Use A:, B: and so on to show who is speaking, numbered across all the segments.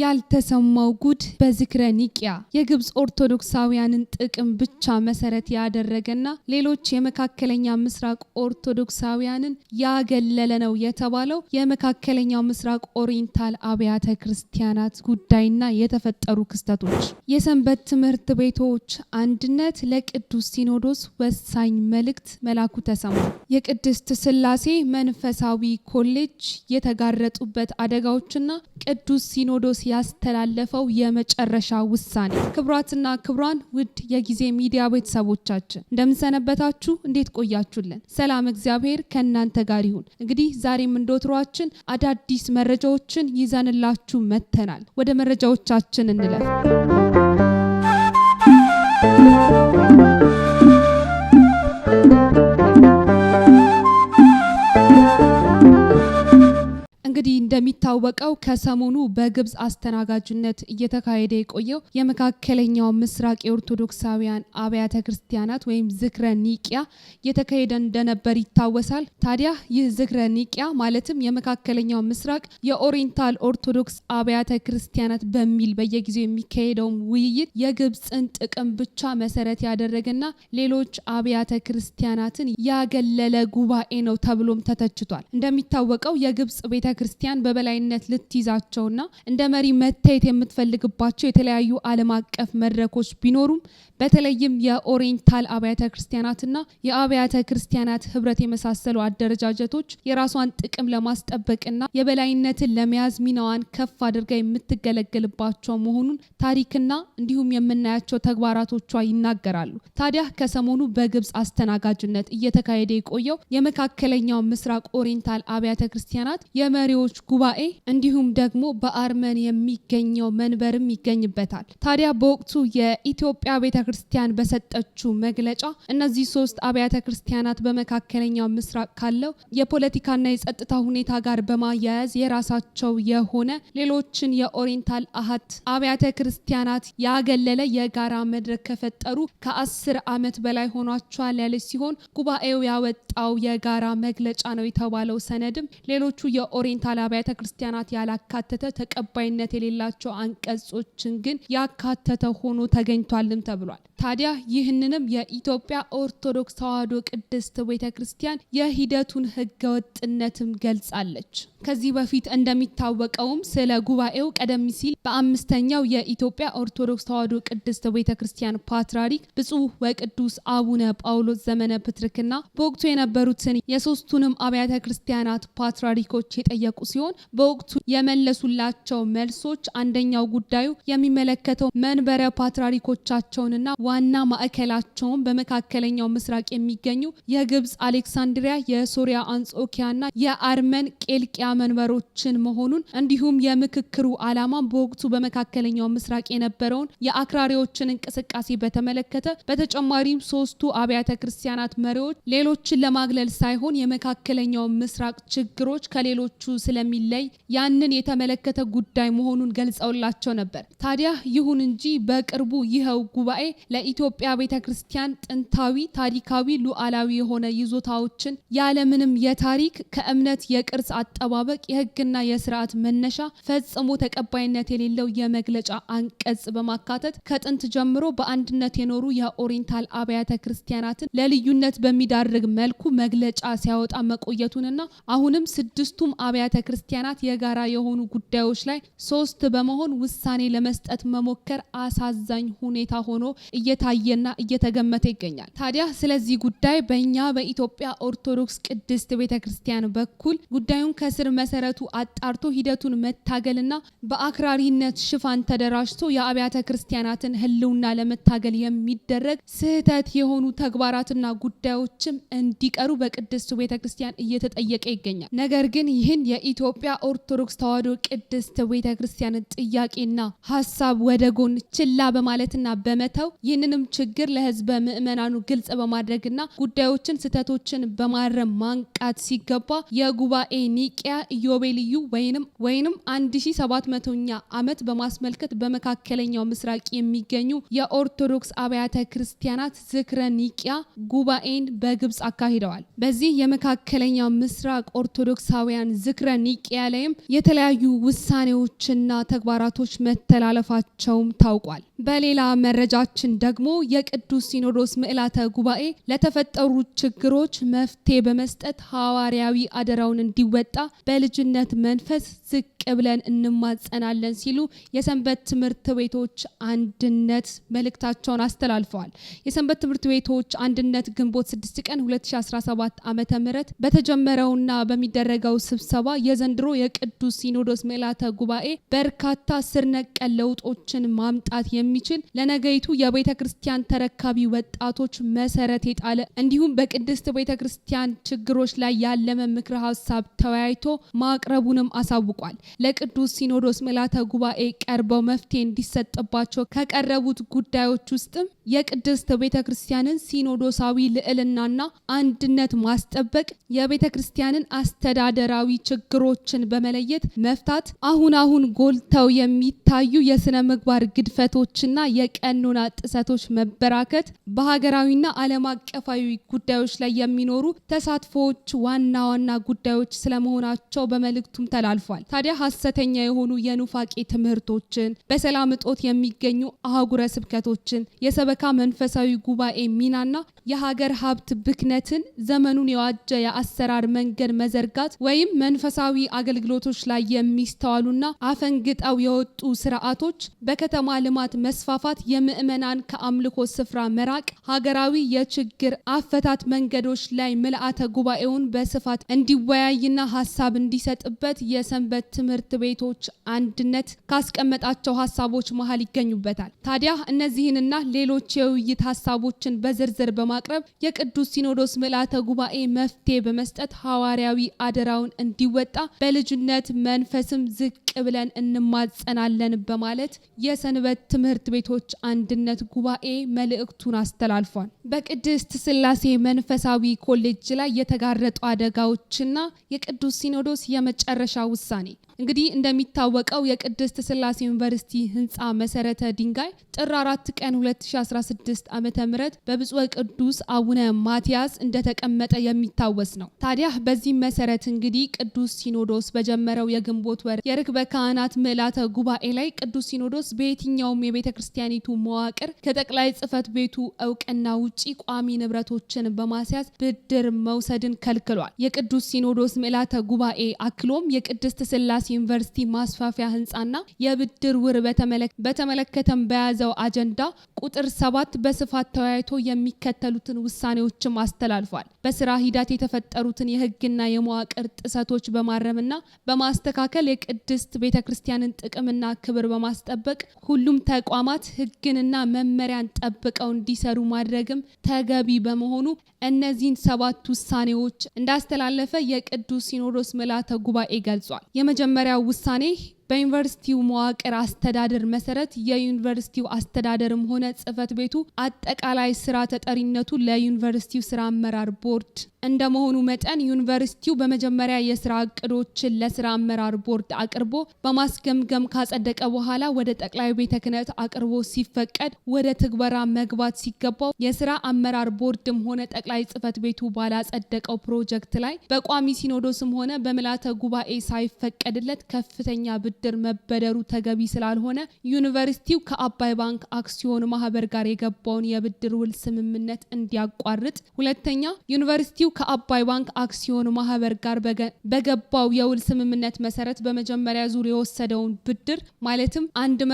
A: ያልተሰማው ጉድ በዝክረ ኒቂያ የግብፅ ኦርቶዶክሳውያንን ጥቅም ብቻ መሰረት ያደረገና ሌሎች የመካከለኛ ምስራቅ ኦርቶዶክሳውያንን ያገለለ ነው የተባለው የመካከለኛው ምስራቅ ኦሪንታል አብያተ ክርስቲያናት ጉዳይና የተፈጠሩ ክስተቶች። የሰንበት ትምህርት ቤቶች አንድነት ለቅዱስ ሲኖዶስ ወሳኝ መልእክት መላኩ ተሰማ። የቅድስት ስላሴ መንፈሳዊ ኮሌጅ የተጋረጡበት አደጋዎችና ቅዱስ ሲኖዶስ ክርስቶስ ያስተላለፈው የመጨረሻ ውሳኔ። ክብሯትና ክብሯን ውድ የጊዜ ሚዲያ ቤተሰቦቻችን እንደምንሰነበታችሁ፣ እንዴት ቆያችሁልን? ሰላም እግዚአብሔር ከእናንተ ጋር ይሁን። እንግዲህ ዛሬም እንደወትሯችን አዳዲስ መረጃዎችን ይዘንላችሁ መጥተናል። ወደ መረጃዎቻችን እንለፍ። እንግዲህ እንደሚታወቀው ከሰሞኑ በግብጽ አስተናጋጅነት እየተካሄደ የቆየው የመካከለኛው ምስራቅ የኦርቶዶክሳውያን አብያተ ክርስቲያናት ወይም ዝክረ ኒቂያ እየተካሄደ እንደነበር ይታወሳል። ታዲያ ይህ ዝክረ ኒቂያ ማለትም የመካከለኛው ምስራቅ የኦሪንታል ኦርቶዶክስ አብያተ ክርስቲያናት በሚል በየጊዜው የሚካሄደውም ውይይት የግብጽን ጥቅም ብቻ መሰረት ያደረገና ሌሎች አብያተ ክርስቲያናትን ያገለለ ጉባኤ ነው ተብሎም ተተችቷል። እንደሚታወቀው የግብጽ ቤተ ክርስቲያን በበላይነት ልትይዛቸውና እንደ መሪ መታየት የምትፈልግባቸው የተለያዩ ዓለም አቀፍ መድረኮች ቢኖሩም በተለይም የኦሪንታል አብያተ ክርስቲያናትና የአብያተ ክርስቲያናት ህብረት የመሳሰሉ አደረጃጀቶች የራሷን ጥቅም ለማስጠበቅና የበላይነትን ለመያዝ ሚናዋን ከፍ አድርጋ የምትገለገልባቸው መሆኑን ታሪክና እንዲሁም የምናያቸው ተግባራቶቿ ይናገራሉ። ታዲያ ከሰሞኑ በግብጽ አስተናጋጅነት እየተካሄደ የቆየው የመካከለኛው ምስራቅ ኦሪንታል አብያተ ክርስቲያናት የመሪ የመሪዎች ጉባኤ እንዲሁም ደግሞ በአርመን የሚገኘው መንበርም ይገኝበታል። ታዲያ በወቅቱ የኢትዮጵያ ቤተ ክርስቲያን በሰጠችው መግለጫ እነዚህ ሶስት አብያተ ክርስቲያናት በመካከለኛው ምስራቅ ካለው የፖለቲካና የጸጥታ ሁኔታ ጋር በማያያዝ የራሳቸው የሆነ ሌሎችን የኦሪንታል አሀት አብያተ ክርስቲያናት ያገለለ የጋራ መድረክ ከፈጠሩ ከአስር ዓመት በላይ ሆኗቸዋል ያለች ሲሆን ጉባኤው ያወጣው የጋራ መግለጫ ነው የተባለው ሰነድም ሌሎቹ የኦሪንታል ሆስፒታል አብያተ ክርስቲያናት ያላካተተ ተቀባይነት የሌላቸው አንቀጾችን ግን ያካተተ ሆኖ ተገኝቷልም ተብሏል። ታዲያ ይህንንም የኢትዮጵያ ኦርቶዶክስ ተዋሕዶ ቅድስት ቤተ ክርስቲያን የሂደቱን ህገወጥነትም ገልጻለች። ከዚህ በፊት እንደሚታወቀውም ስለ ጉባኤው ቀደም ሲል በአምስተኛው የኢትዮጵያ ኦርቶዶክስ ተዋሕዶ ቅድስት ቤተ ክርስቲያን ፓትርያርክ ብፁዕ ወቅዱስ አቡነ ጳውሎስ ዘመነ ፕትርክና በወቅቱ የነበሩትን የሶስቱንም አብያተ ክርስቲያናት ፓትርያርኮች የጠየቁ የጠየቁ ሲሆን በወቅቱ የመለሱላቸው መልሶች አንደኛው ጉዳዩ የሚመለከተው መንበረ ፓትርያርኮቻቸውንና ዋና ማዕከላቸውን በመካከለኛው ምስራቅ የሚገኙ የግብጽ አሌክሳንድሪያ፣ የሶሪያ አንጾኪያና የአርመን ቄልቅያ መንበሮችን መሆኑን እንዲሁም የምክክሩ ዓላማ በወቅቱ በመካከለኛው ምስራቅ የነበረውን የአክራሪዎችን እንቅስቃሴ በተመለከተ በተጨማሪም ሶስቱ አብያተ ክርስቲያናት መሪዎች ሌሎችን ለማግለል ሳይሆን የመካከለኛው ምስራቅ ችግሮች ከሌሎቹ ስለሚለይ ያንን የተመለከተ ጉዳይ መሆኑን ገልጸውላቸው ነበር። ታዲያ ይሁን እንጂ በቅርቡ ይኸው ጉባኤ ለኢትዮጵያ ቤተ ክርስቲያን ጥንታዊ፣ ታሪካዊ፣ ሉዓላዊ የሆነ ይዞታዎችን ያለምንም የታሪክ ከእምነት፣ የቅርስ አጠባበቅ፣ የህግና የስርዓት መነሻ ፈጽሞ ተቀባይነት የሌለው የመግለጫ አንቀጽ በማካተት ከጥንት ጀምሮ በአንድነት የኖሩ የኦሪንታል አብያተ ክርስቲያናትን ለልዩነት በሚዳርግ መልኩ መግለጫ ሲያወጣ መቆየቱንና አሁንም ስድስቱም አብያተ ቤተ ክርስቲያናት የጋራ የሆኑ ጉዳዮች ላይ ሶስት በመሆን ውሳኔ ለመስጠት መሞከር አሳዛኝ ሁኔታ ሆኖ እየታየና እየተገመተ ይገኛል። ታዲያ ስለዚህ ጉዳይ በእኛ በኢትዮጵያ ኦርቶዶክስ ቅድስት ቤተ ክርስቲያን በኩል ጉዳዩን ከስር መሰረቱ አጣርቶ ሂደቱን መታገልና በአክራሪነት ሽፋን ተደራጅቶ የአብያተ ክርስቲያናትን ሕልውና ለመታገል የሚደረግ ስህተት የሆኑ ተግባራትና ጉዳዮችም እንዲቀሩ በቅድስቱ ቤተ ክርስቲያን እየተጠየቀ ይገኛል። ነገር ግን ይህን የኢትዮጵያ ኦርቶዶክስ ተዋሕዶ ቅድስት ቤተ ክርስቲያንን ጥያቄና ሀሳብ ወደ ጎን ችላ በማለትና በመተው ይህንንም ችግር ለህዝበ ምዕመናኑ ግልጽ በማድረግና ጉዳዮችን ስህተቶችን በማረም ማንቃት ሲገባ የጉባኤ ኒቂያ ኢዮቤልዩ ወይንም ወይንም 1700ኛ ዓመት በማስመልከት በመካከለኛው ምስራቅ የሚገኙ የኦርቶዶክስ አብያተ ክርስቲያናት ዝክረ ኒቂያ ጉባኤን በግብጽ አካሂደዋል። በዚህ የመካከለኛው ምስራቅ ኦርቶዶክሳውያን ዝክረ ኒቅያ ላይም የተለያዩ ውሳኔዎችና ተግባራቶች መተላለፋቸውም ታውቋል። በሌላ መረጃችን ደግሞ የቅዱስ ሲኖዶስ ምዕላተ ጉባኤ ለተፈጠሩ ችግሮች መፍትሄ በመስጠት ሐዋርያዊ አደራውን እንዲወጣ በልጅነት መንፈስ ዝቅ ብለን እንማጸናለን ሲሉ የሰንበት ትምህርት ቤቶች አንድነት መልእክታቸውን አስተላልፈዋል። የሰንበት ትምህርት ቤቶች አንድነት ግንቦት 6 ቀን 2017 ዓ.ም በተጀመረውና በሚደረገው ስብሰባ የዘንድሮ የቅዱስ ሲኖዶስ ምልዓተ ጉባኤ በርካታ ስር ነቀል ለውጦችን ማምጣት የሚችል ለነገይቱ የቤተ ክርስቲያን ተረካቢ ወጣቶች መሰረት የጣለ እንዲሁም በቅድስት ቤተ ክርስቲያን ችግሮች ላይ ያለመ ምክረ ሀሳብ ተወያይቶ ማቅረቡንም አሳውቋል። ለቅዱስ ሲኖዶስ ምልዓተ ጉባኤ ቀርበው መፍትሄ እንዲሰጥባቸው ከቀረቡት ጉዳዮች ውስጥም የቅድስት ቤተ ክርስቲያንን ሲኖዶሳዊ ልዕልናና አንድነት ማስጠበቅ፣ የቤተ ክርስቲያንን አስተዳደራዊ ችግሮች ችግሮችን በመለየት መፍታት አሁን አሁን ጎልተው የሚታዩ የስነ ምግባር ግድፈቶችና የቀኖና ጥሰቶች መበራከት በሀገራዊና ዓለም አቀፋዊ ጉዳዮች ላይ የሚኖሩ ተሳትፎዎች ዋና ዋና ጉዳዮች ስለመሆናቸው በመልእክቱም ተላልፏል። ታዲያ ሀሰተኛ የሆኑ የኑፋቄ ትምህርቶችን፣ በሰላም እጦት የሚገኙ አህጉረ ስብከቶችን፣ የሰበካ መንፈሳዊ ጉባኤ ሚናና የሀገር ሀብት ብክነትን ዘመኑን የዋጀ የአሰራር መንገድ መዘርጋት ወይም መንፈሳ መንፈሳዊ አገልግሎቶች ላይ የሚስተዋሉና አፈንግጠው የወጡ ስርዓቶች በከተማ ልማት መስፋፋት፣ የምዕመናን ከአምልኮ ስፍራ መራቅ፣ ሀገራዊ የችግር አፈታት መንገዶች ላይ ምልአተ ጉባኤውን በስፋት እንዲወያይና ሀሳብ እንዲሰጥበት የሰንበት ትምህርት ቤቶች አንድነት ካስቀመጣቸው ሀሳቦች መሀል ይገኙበታል። ታዲያ እነዚህንና ሌሎች የውይይት ሀሳቦችን በዝርዝር በማቅረብ የቅዱስ ሲኖዶስ ምልአተ ጉባኤ መፍትሄ በመስጠት ሐዋርያዊ አደራውን እንዲወ እንደወጣ በልጅነት መንፈስም ዝቅ ብለን እንማጸናለን በማለት የሰንበት ትምህርት ቤቶች አንድነት ጉባኤ መልእክቱን አስተላልፏል። በቅድስት ስላሴ መንፈሳዊ ኮሌጅ ላይ የተጋረጡ አደጋዎችና የቅዱስ ሲኖዶስ የመጨረሻ ውሳኔ እንግዲህ እንደሚታወቀው የቅድስት ስላሴ ዩኒቨርሲቲ ህንፃ መሰረተ ድንጋይ ጥር 4 ቀን 2016 ዓ ም በብፁዕ ቅዱስ አቡነ ማቲያስ እንደተቀመጠ የሚታወስ ነው። ታዲያ በዚህም መሰረት እንግዲህ ቅዱስ ሲኖዶስ በጀመረው የግንቦት ወር የርክበ ካህናት ምዕላተ ጉባኤ ላይ ቅዱስ ሲኖዶስ በየትኛውም የቤተ ክርስቲያኒቱ መዋቅር ከጠቅላይ ጽህፈት ቤቱ እውቅና ውጪ ቋሚ ንብረቶችን በማስያዝ ብድር መውሰድን ከልክሏል። የቅዱስ ሲኖዶስ ምዕላተ ጉባኤ አክሎም የቅድስት ስላሴ የኢሳያስ ዩኒቨርሲቲ ማስፋፊያ ህንፃና የብድር ውር በተመለከተም በያዘው አጀንዳ ቁጥር ሰባት በስፋት ተወያይቶ የሚከተሉትን ውሳኔዎችም አስተላልፏል። በስራ ሂደት የተፈጠሩትን የህግና የመዋቅር ጥሰቶች በማረምና በማስተካከል የቅድስት ቤተ ክርስቲያንን ጥቅምና ክብር በማስጠበቅ ሁሉም ተቋማት ህግንና መመሪያን ጠብቀው እንዲሰሩ ማድረግም ተገቢ በመሆኑ እነዚህን ሰባት ውሳኔዎች እንዳስተላለፈ የቅዱስ ሲኖዶስ ምልዓተ ጉባኤ ገልጿል። የመጀመ የመጀመሪያው ውሳኔ በዩኒቨርሲቲው መዋቅር አስተዳደር መሰረት የዩኒቨርሲቲው አስተዳደርም ሆነ ጽህፈት ቤቱ አጠቃላይ ስራ ተጠሪነቱ ለዩኒቨርሲቲው ስራ አመራር ቦርድ እንደመሆኑ መጠን ዩኒቨርሲቲው በመጀመሪያ የስራ እቅዶችን ለስራ አመራር ቦርድ አቅርቦ በማስገምገም ካጸደቀ በኋላ ወደ ጠቅላይ ቤተ ክህነት አቅርቦ ሲፈቀድ ወደ ትግበራ መግባት ሲገባው የስራ አመራር ቦርድም ሆነ ጠቅላይ ጽህፈት ቤቱ ባላጸደቀው ፕሮጀክት ላይ በቋሚ ሲኖዶስም ሆነ በምላተ ጉባኤ ሳይፈቀድለት ከፍተኛ ብድ ብድር መበደሩ ተገቢ ስላልሆነ ዩኒቨርሲቲው ከአባይ ባንክ አክሲዮን ማህበር ጋር የገባውን የብድር ውል ስምምነት እንዲያቋርጥ፣ ሁለተኛ ዩኒቨርሲቲው ከአባይ ባንክ አክሲዮን ማህበር ጋር በገባው የውል ስምምነት መሰረት በመጀመሪያ ዙር የወሰደውን ብድር ማለትም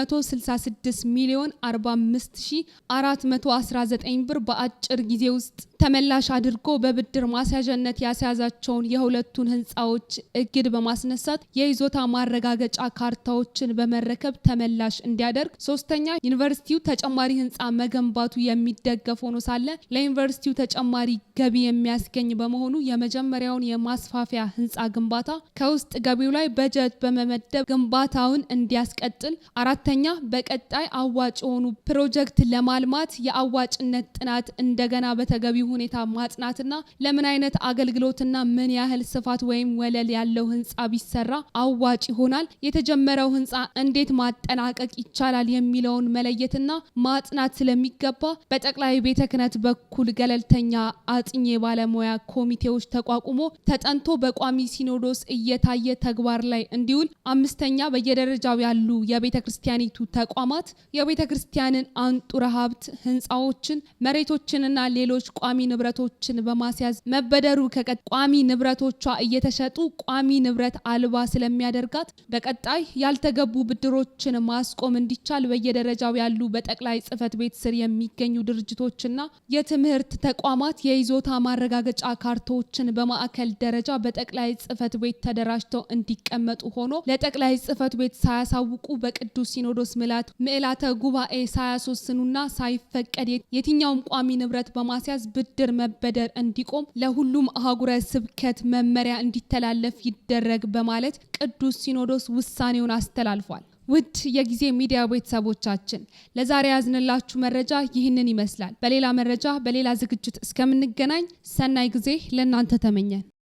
A: 166 ሚሊዮን 419 ብር በአጭር ጊዜ ውስጥ ተመላሽ አድርጎ በብድር ማስያዣነት ያስያዛቸውን የሁለቱን ህንፃዎች እግድ በማስነሳት የይዞታ ማረጋገጫ ካርታዎችን በመረከብ ተመላሽ እንዲያደርግ፣ ሶስተኛ ዩኒቨርሲቲው ተጨማሪ ህንፃ መገንባቱ የሚደገፍ ሆኖ ሳለ ለዩኒቨርሲቲው ተጨማሪ ገቢ የሚያስገኝ በመሆኑ የመጀመሪያውን የማስፋፊያ ህንፃ ግንባታ ከውስጥ ገቢው ላይ በጀት በመመደብ ግንባታውን እንዲያስቀጥል፣ አራተኛ በቀጣይ አዋጭ የሆኑ ፕሮጀክት ለማልማት የአዋጭነት ጥናት እንደገና በተገቢው ሁኔታ ማጽናትና ለምን አይነት አገልግሎትና ምን ያህል ስፋት ወይም ወለል ያለው ህንፃ ቢሰራ አዋጭ ይሆናል፣ የተጀመረው ህንፃ እንዴት ማጠናቀቅ ይቻላል የሚለውን መለየትና ማጽናት ስለሚገባ በጠቅላይ ቤተ ክህነት በኩል ገለልተኛ አጥኚ ባለሙያ ኮሚቴዎች ተቋቁሞ ተጠንቶ በቋሚ ሲኖዶስ እየታየ ተግባር ላይ እንዲውል አምስተኛ በየደረጃው ያሉ የቤተ ክርስቲያኒቱ ተቋማት የቤተ ክርስቲያንን አንጡረ ሀብት ህንፃዎችን፣ መሬቶችንና ሌሎች ቋሚ ንብረቶችን በማስያዝ መበደሩ ከቀጥ ቋሚ ንብረቶቿ እየተሸጡ ቋሚ ንብረት አልባ ስለሚያደርጋት በቀጣይ ያልተገቡ ብድሮችን ማስቆም እንዲቻል በየደረጃው ያሉ በጠቅላይ ጽህፈት ቤት ስር የሚገኙ ድርጅቶችና የትምህርት ተቋማት የይዞታ ማረጋገጫ ካርቶችን በማዕከል ደረጃ በጠቅላይ ጽህፈት ቤት ተደራጅተው እንዲቀመጡ ሆኖ ለጠቅላይ ጽህፈት ቤት ሳያሳውቁ በቅዱስ ሲኖዶስ ምላት ምዕላተ ጉባኤ ሳያስወስኑና ሳይፈቀድ የትኛውም ቋሚ ንብረት በማስያዝ ብድ ብድር መበደር እንዲቆም ለሁሉም አህጉረ ስብከት መመሪያ እንዲተላለፍ ይደረግ በማለት ቅዱስ ሲኖዶስ ውሳኔውን አስተላልፏል። ውድ የጊዜ ሚዲያ ቤተሰቦቻችን ለዛሬ ያዝንላችሁ መረጃ ይህንን ይመስላል። በሌላ መረጃ በሌላ ዝግጅት እስከምንገናኝ ሰናይ ጊዜ ለእናንተ ተመኘን።